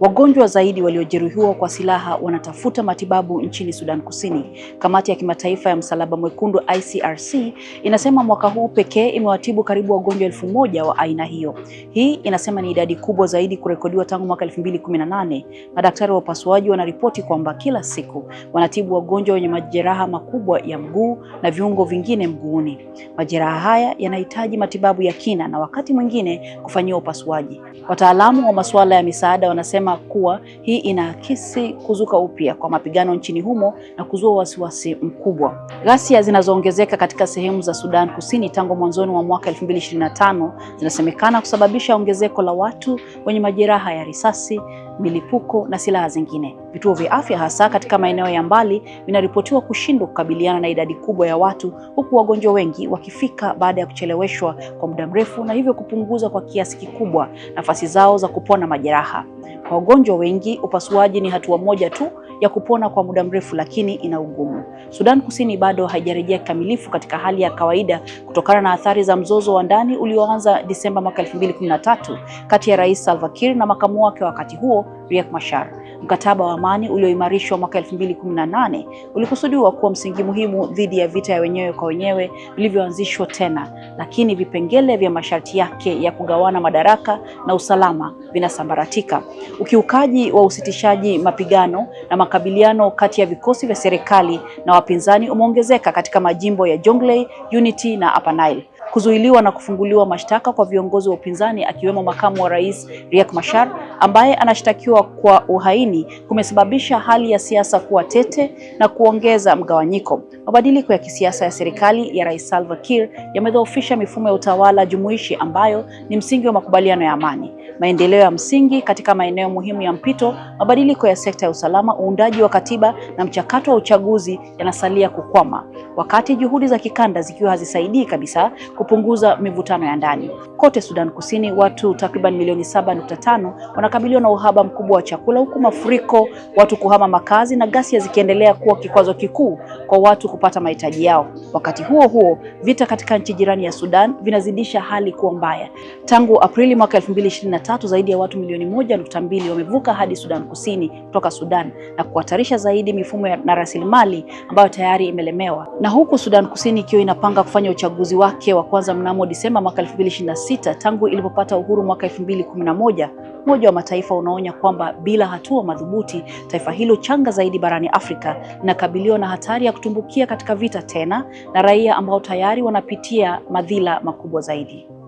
Wagonjwa zaidi waliojeruhiwa kwa silaha wanatafuta matibabu nchini Sudan Kusini. Kamati ya Kimataifa ya Msalaba Mwekundu ICRC inasema mwaka huu pekee imewatibu karibu wagonjwa elfu moja wa aina hiyo. Hii inasema ni idadi kubwa zaidi kurekodiwa tangu mwaka 2018. Madaktari wa upasuaji wanaripoti kwamba kila siku wanatibu wagonjwa wenye majeraha makubwa ya mguu na viungo vingine mguuni. Majeraha haya yanahitaji matibabu ya kina na wakati mwingine kufanyiwa upasuaji. Wataalamu wa masuala ya misaada wanasema amesema kuwa hii inaakisi kuzuka upya kwa mapigano nchini humo na kuzua wasiwasi mkubwa. Ghasia zinazoongezeka katika sehemu za Sudan Kusini tangu mwanzoni mwa mwaka 2025 zinasemekana kusababisha ongezeko la watu wenye majeraha ya risasi milipuko na silaha zingine. Vituo vya afya hasa katika maeneo ya mbali vinaripotiwa kushindwa kukabiliana na idadi kubwa ya watu, huku wagonjwa wengi wakifika baada ya kucheleweshwa kwa muda mrefu, na hivyo kupunguza kwa kiasi kikubwa nafasi zao za kupona majeraha. Kwa wagonjwa wengi, upasuaji ni hatua moja tu ya kupona kwa muda mrefu, lakini ina ugumu. Sudan Kusini bado haijarejea kikamilifu katika hali ya kawaida kutokana na athari za mzozo wa ndani ulioanza Disemba mwaka 2013 kati ya Rais Salva Kiir na makamu wake wakati huo Riek Machar. Mkataba wa amani ulioimarishwa mwaka 2018 ulikusudiwa kuwa msingi muhimu dhidi ya vita ya wenyewe kwa wenyewe vilivyoanzishwa tena, lakini vipengele vya masharti yake ya kugawana madaraka na usalama vinasambaratika. Ukiukaji wa usitishaji mapigano na makabiliano kati ya vikosi vya serikali na wapinzani umeongezeka katika majimbo ya Jonglei, Unity na Upper Nile. Kuzuiliwa na kufunguliwa mashtaka kwa viongozi wa upinzani akiwemo makamu wa rais Riek Machar ambaye anashtakiwa kwa uhaini kumesababisha hali ya siasa kuwa tete na kuongeza mgawanyiko. Mabadiliko ya kisiasa ya serikali ya Rais Salva Kiir yamedhoofisha mifumo ya utawala jumuishi ambayo ni msingi wa makubaliano ya amani maendeleo ya msingi katika maeneo muhimu ya mpito, mabadiliko ya sekta ya usalama, uundaji wa katiba na mchakato wa uchaguzi yanasalia kukwama wakati juhudi za kikanda zikiwa hazisaidii kabisa kupunguza mivutano ya ndani. Kote Sudan Kusini, watu takriban milioni 7.5 wanakabiliwa na uhaba mkubwa wa chakula, huku mafuriko, watu kuhama makazi na ghasia zikiendelea kuwa kikwazo kikuu kwa watu kupata mahitaji yao. Wakati huo huo, vita katika nchi jirani ya Sudan vinazidisha hali kuwa mbaya. Tangu Aprili mwaka 2023 zaidi ya watu milioni 1.2 wamevuka hadi Sudan Kusini kutoka Sudan na kuhatarisha zaidi mifumo na rasilimali ambayo tayari imelemewa na na huku Sudan Kusini ikiwa inapanga kufanya uchaguzi wake wa kwanza mnamo Disemba mwaka 2026 tangu ilipopata uhuru mwaka 2011, Umoja wa Mataifa unaonya kwamba bila hatua madhubuti, taifa hilo changa zaidi barani Afrika linakabiliwa na hatari ya kutumbukia katika vita tena na raia ambao tayari wanapitia madhila makubwa zaidi.